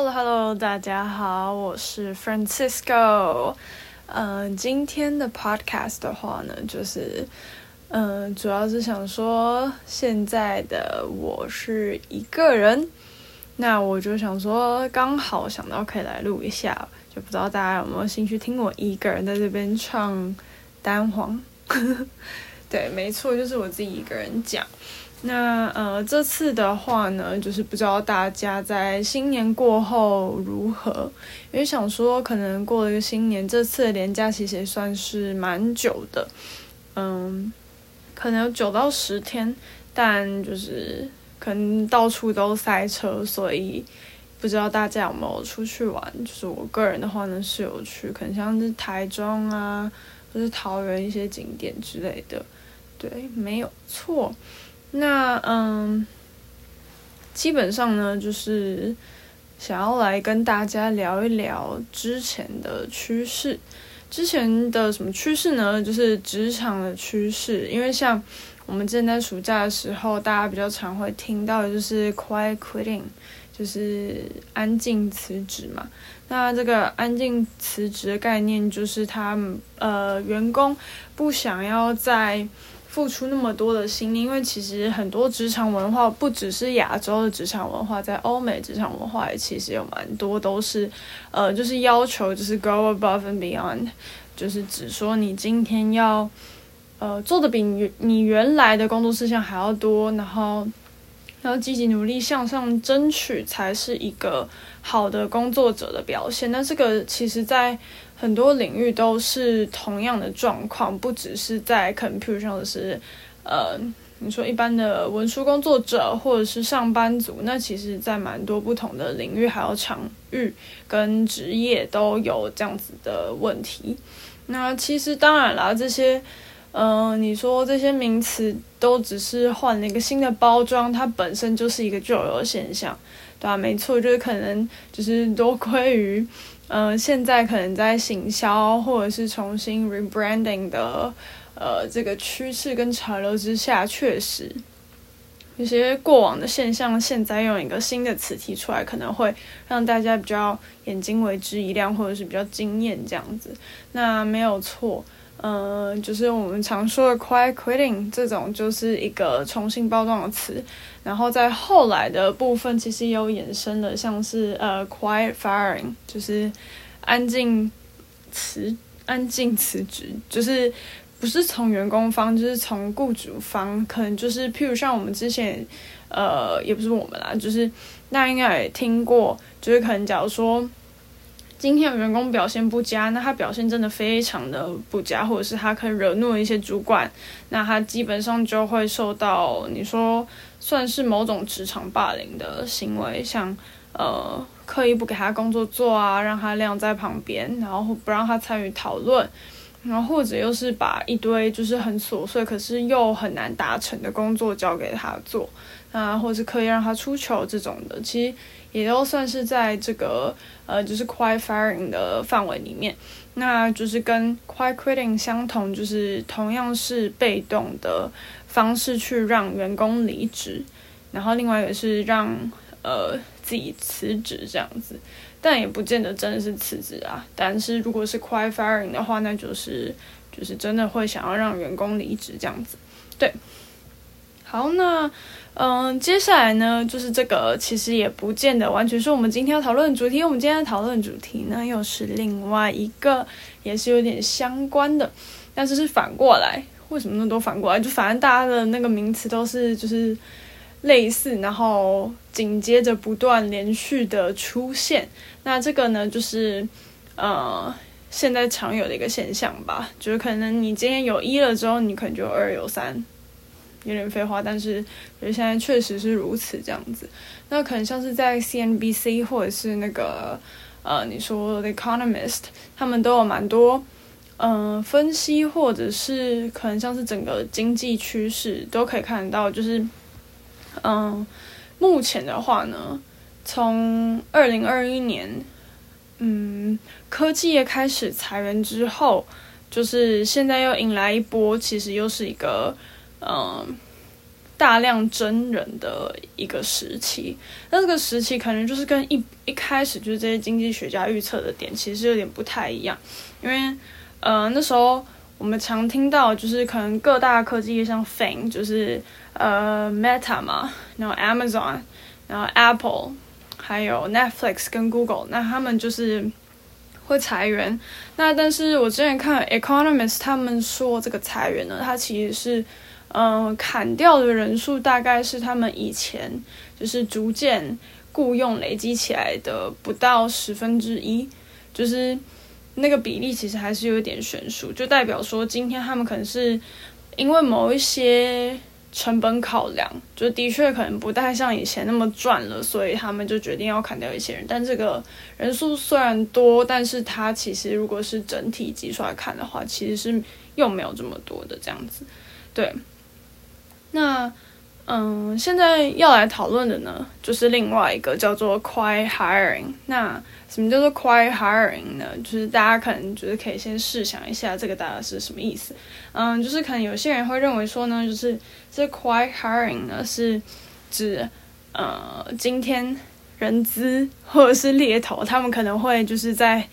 Hello Hello，大家好，我是 Francisco。嗯、呃，今天的 Podcast 的話呢，就是嗯、呃，主要是想說現在的我是一個人，那我就想說剛好想到可以來錄一下，就不知道大家有沒有興趣聽我一個人在這邊唱單簧？ 對，沒錯，就是我自己一個人講。那呃，這次的話呢，就是不知道大家在新年過後如何，因為想說可能過了一個新年，這次的年假其實也算是蠻久的，嗯，可能有九到十天，但就是可能到處都塞車，所以不知道大家有沒有出去玩。就是我個人的話呢，是有去，可能像是台中啊，或是桃園一些景點之類的，對，沒有錯。那嗯，基本上呢，就是想要來跟大家聊一聊之前的趨勢。之前的什麼趨勢呢？就是職場的趨勢。因為像我們正在暑假的時候，大家比較常會聽到的就是 quiet quitting，就是安靜辭職嘛。那這個安靜辭職的概念，就是他呃，員工不想要在付出那麼多的心力，因為其實很多職場文化，不只是亞洲的職場文化，在歐美職場文化也其實有蠻多都是，呃，就是要求就是 go above and beyond，就是指說你今天要，呃，做的比你你原來的工作事項還要多，然後要積極努力向上爭取，才是一個好的工作者的表現。但這個其實，在很多領域都是同樣的狀況，不只是在 computer 上是，呃，你說一般的文書工作者或者是上班族，那其實，在蠻多不同的領域還有場域跟職業都有這樣子的問題。那其實當然啦，這些，嗯、呃，你說這些名詞都只是換了一個新的包裝，它本身就是一個舊有的現象，對吧、啊？沒錯，就是可能就是多虧於。嗯、呃，現在可能在行銷或者是重新 rebranding 的呃，這個趨勢跟潮流之下，確實有些過往的現象，現在用一個新的詞提出來，可能會讓大家比較眼睛為之一亮，或者是比較驚艷這樣子。那沒有錯。呃，就是我們常說的 quiet quitting，這種就是一個重新包裝的詞。然後在後來的部分，其實有衍生的，像是呃 quiet firing，就是安靜辭，安靜辭職，就是不是從員工方，就是從雇主方，可能就是，譬如像我們之前，呃，也不是我們啦，就是那應該也聽過，就是可能假如說。今天員工表現不佳，那他表現真的非常的不佳，或者是他可以惹怒一些主管，那他基本上就會受到你說算是某種職場霸凌的行為，像呃刻意不給他工作做啊，讓他晾在旁邊，然後不讓他參與討論。然後或者又是把一堆就是很瑣碎，可是又很難達成的工作交給他做，啊，或者是可以讓他出糗這種的，其實也都算是在這個呃就是 quiet firing 的範圍裡面。那就是跟 quiet quitting 相同，就是同樣是被動的方式去讓員工離職，然後另外也是讓呃自己辭職這樣子。但也不見得真的是辭職啊，但是如果是 quiet firing 的話，那就是就是真的會想要讓員工離職這樣子。對，好，那嗯，接下來呢，就是這個其實也不見得完全是我們今天要討論的主題。因為我們今天討論的主題呢，又是另外一個，也是有點相關的，但是是反過來。為什麼那麼多反過來？就反正大家的那個名詞都是就是。類似，然後緊接着不斷連續的出現。那這個呢，就是呃，現在常有的一個現象吧，就是可能你今天有一了之後，你可能就二有三，有點廢話，但是就現在確實是如此這樣子。那可能像是在 CNBC 或者是那個呃，你說 The Economist，他們都有蠻多嗯、呃、分析，或者是可能像是整個經濟趨勢都可以看到，就是。嗯，目前的話呢，從二零二一年，嗯，科技業開始裁員之後，就是現在又迎來一波，其實又是一個嗯，大量真人的一個時期。那這個時期可能就是跟一一開始就是這些經濟學家預測的點，其實有點不太一樣，因為呃、嗯，那時候我們常聽到就是可能各大科技業像 FAANG 就是。呃，uh，Meta 嘛，然後 Amazon，然後 Apple，還有 Netflix 跟 Google，那他們就是會裁員。那但是我之前看 Economist 他們說，這個裁員呢，它其實是嗯，砍掉的人數大概是他們以前就是逐漸雇傭累積起來的不到十分之一，就是那個比例其實還是有一點懸殊，就代表說今天他們可能是因為某一些。成本考量，就的確可能不太像以前那麼賺了，所以他們就決定要砍掉一些人。但這個人數雖然多，但是它其實如果是整體計算來看的話，其實是又沒有這麼多的這樣子。對，那。嗯，現在要來討論的呢，就是另外一個叫做 “quiet hiring”。那什麼叫做 “quiet hiring” 呢？就是大家可能覺得可以先試想一下這個大概是什麼意思。嗯，就是可能有些人會認為說呢，就是這 “quiet hiring” 呢是指呃，今天人資或者是獵頭他們可能會就是在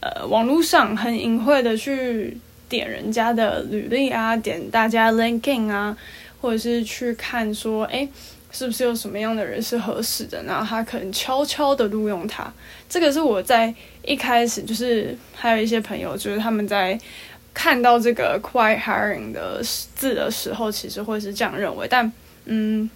呃網絡上很隱晦的去點人家的履歷啊，點大家 LinkedIn 啊。或者是去看說，誒、欸、是不是有什麼樣的人是合適的呢？然後他可能悄悄的錄用他。這個是我在一開始就是還有一些朋友，就是他們在看到這個 “quiet hiring” 的字的時候，其實會是這樣認為。但嗯，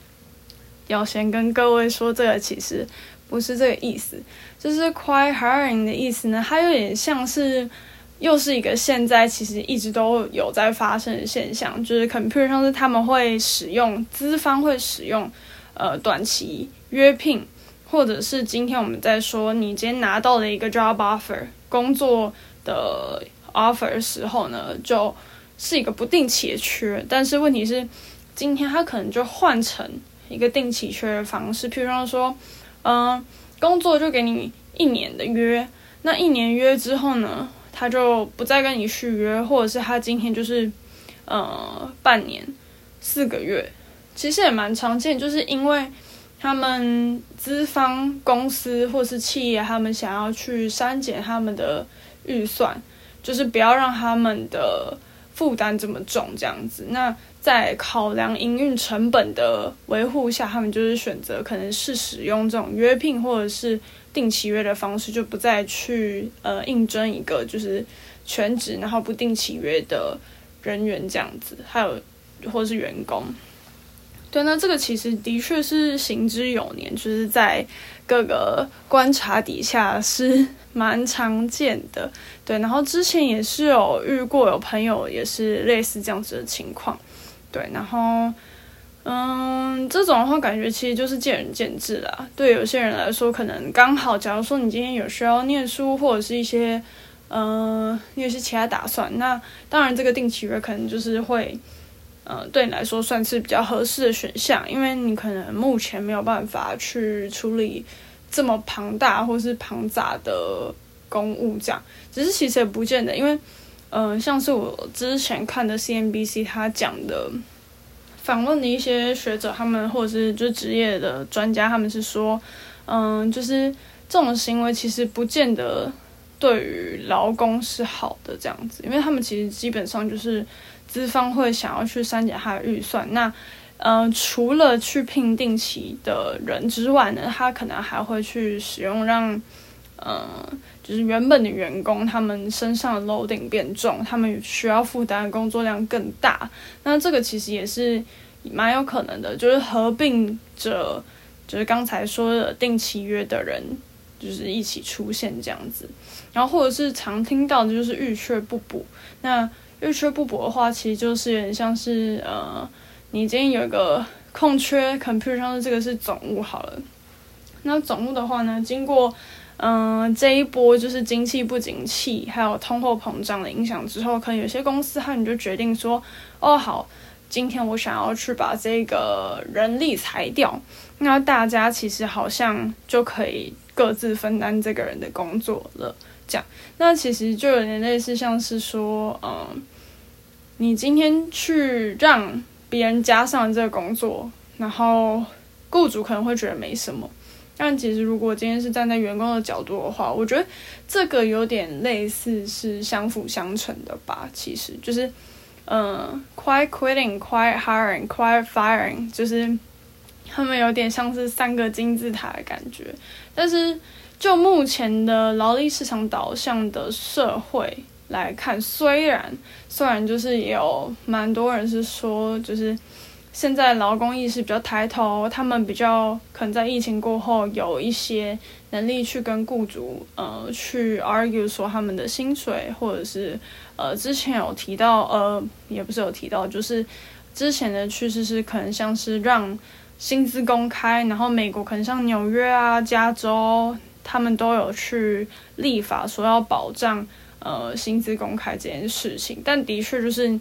要先跟各位說，這個其實不是這個意思。就是 “quiet hiring” 的意思呢，它有點像是。又是一個現在其實一直都有在發生的現象，就是 computer 是他們會使用資方會使用呃短期約聘，或者是今天我們在說，你今天拿到了一個 job offer 工作的 o f f e r 時候呢，就是一個不定期的缺，但是問題是今天他可能就換成一個定期缺的方式，譬如說嗯、呃、工作就給你一年的約，那一年約之後呢？他就不再跟你續約，或者是他今天就是，呃，半年四個月，其實也蠻常見，就是因為他們資方公司或者是企業，他們想要去刪減他們的預算，就是不要讓他們的負擔這麼重，這樣子。那在考量營運成本的維護下，他們就是選擇可能是使用這種約聘，或者是。定契約的方式就不再去呃，應徵一個就是全職，然後不定契約的人員這樣子，還有或是員工，對，那這個其實的確是行之有年，就是在各個觀察底下是蠻常見的，對，然後之前也是有遇過有朋友也是類似這樣子的情況，對，然後。嗯，這種的話，感覺其實就是見仁見智啦。對有些人來說，可能剛好，假如說你今天有需要念書，或者是一些，呃、嗯，有一些其他打算，那當然這個定期約可能就是會，呃、嗯，對你來說算是比較合適的選項，因為你可能目前沒有辦法去處理這麼龐大或是龐雜的公務這樣。只是其實也不見得，因為，嗯，像是我之前看的 CNBC 他講的。訪問的一些學者，他們或者是就職業的專家，他們是說，嗯，就是這種行為其實不見得對於勞工是好的這樣子，因為他們其實基本上就是資方會想要去刪減他的預算。那，嗯，除了去聘定期的人之外呢，他可能還會去使用讓。嗯、呃，就是原本的員工，他們身上的 loading 變重，他們需要負擔的工作量更大。那這個其實也是蠻有可能的，就是合併著，就是剛才說的定期約的人，就是一起出現這樣子。然後或者是常聽到的就是遇缺不補。那遇缺不補的話，其實就是有點像是呃，你今天有一個空缺，computer 上的這個是總務好了。那總務的話呢，經過。嗯，這一波就是經濟不景氣，還有通貨膨脹的影響之後，可能有些公司他們就決定說：“哦，好，今天我想要去把這個人力裁掉。”那大家其實好像就可以各自分擔這個人的工作了。這樣，那其實就有點類似，像是說，嗯，你今天去讓別人加上這個工作，然後雇主可能會覺得沒什麼。但其實，如果今天是站在員工的角度的話，我覺得這個有點類似是相輔相成的吧。其實就是，嗯，quiet quitting、quiet hiring、quiet firing，就是他們有點像是三個金字塔的感覺。但是就目前的勞力市場導向的社會來看，雖然雖然就是有蠻多人是說，就是。現在勞工意識比較抬頭，他們比較可能在疫情過後有一些能力去跟僱主，呃，去 argue 說他們的薪水，或者是，呃，之前有提到，呃，也不是有提到，就是之前的趨勢是可能像是讓薪資公開，然後美國可能像紐約啊、加州，他們都有去立法說要保障，呃，薪資公開這件事情。但的確就是，嗯、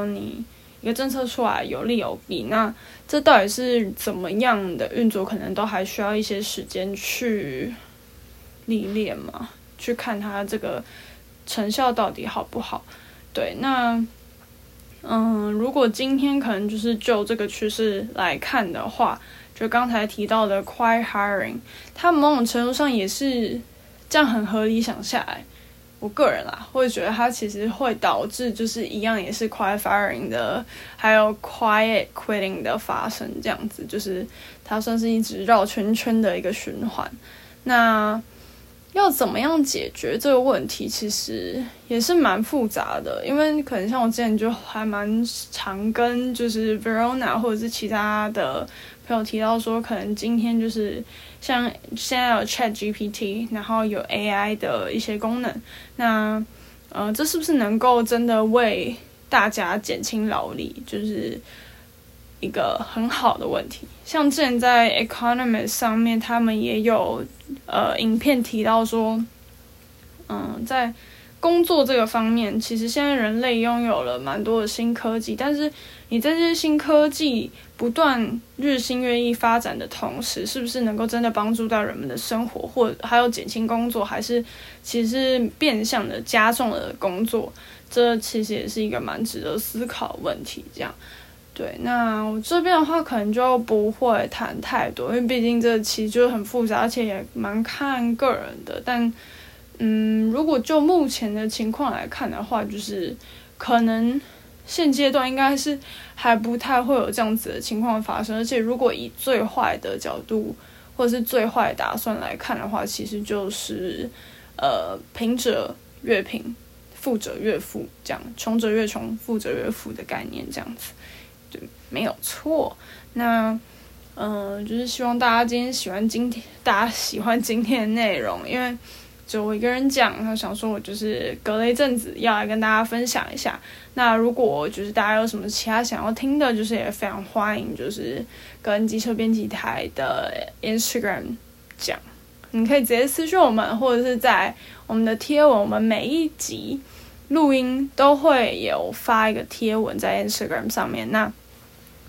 呃，你。一個政策出來有利有弊，那這到底是怎麼樣的運作，可能都還需要一些時間去歷練嘛？去看它這個成效到底好不好？對，那嗯，如果今天可能就是就這個趨勢來看的話，就剛才提到的 quiet hiring，它某種程度上也是這樣很合理想下來。我個人啦，會覺得它其實會導致，就是一樣也是 quiet firing 的，還有 quiet quitting 的發生，這樣子，就是它算是一直繞圈圈的一個循環。那要怎麼樣解決這個問題，其實也是蠻複雜的，因為可能像我之前就還蠻常跟就是 Verona 或者是其他的。有提到說，可能今天就是像現在有 ChatGPT，然後有 AI 的一些功能，那呃，這是不是能夠真的為大家減輕勞力，就是一個很好的問題？像之前在 Economist 上面，他們也有呃影片提到說，嗯、呃，在。工作這個方面，其實現在人類擁有了蠻多的新科技，但是你在這些新科技不斷日新月異發展的同時，是不是能夠真的幫助到人們的生活，或者還有減輕工作，還是其實是變相的加重了工作？這其實也是一個蠻值得思考的問題。這樣，對，那我這邊的話可能就不會談太多，因為畢竟這其實就是很複雜，而且也蠻看個人的，但。嗯，如果就目前的情況來看的話，就是可能現階段應該是還不太會有這樣子的情況發生。而且，如果以最壞的角度或者是最壞打算來看的話，其實就是呃，貧者越貧，富者越富，這樣窮者越窮，富者越富的概念，這樣子，對，沒有錯。那嗯、呃，就是希望大家今天喜歡今天，大家喜歡今天的內容，因為。就我一個人講，然後想說我就是隔了一陣子要來跟大家分享一下。那如果就是大家有什麼其他想要聽的，就是也非常歡迎，就是跟機車編輯台的 Instagram 講。你可以直接私訊我們，或者是在我們的貼文，我們每一集錄音都會有發一個貼文在 Instagram 上面。那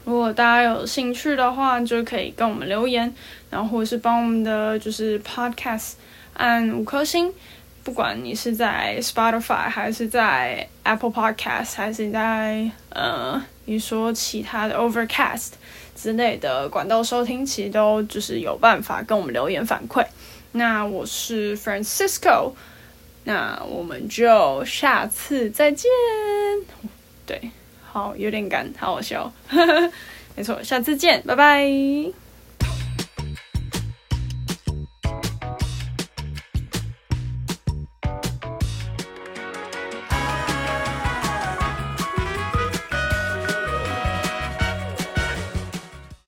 如果大家有興趣的話，就可以跟我們留言，然後或者是幫我們的就是 Podcast。按五顆星，不管你是在 Spotify 還是在 Apple Podcast，還是在呃，你說其他的 Overcast 之類的管道收聽，其實都就是有辦法跟我們留言反饋。那我是 Francisco，那我們就下次再見。對，好，有點感，好好笑， 沒錯，下次見，拜拜。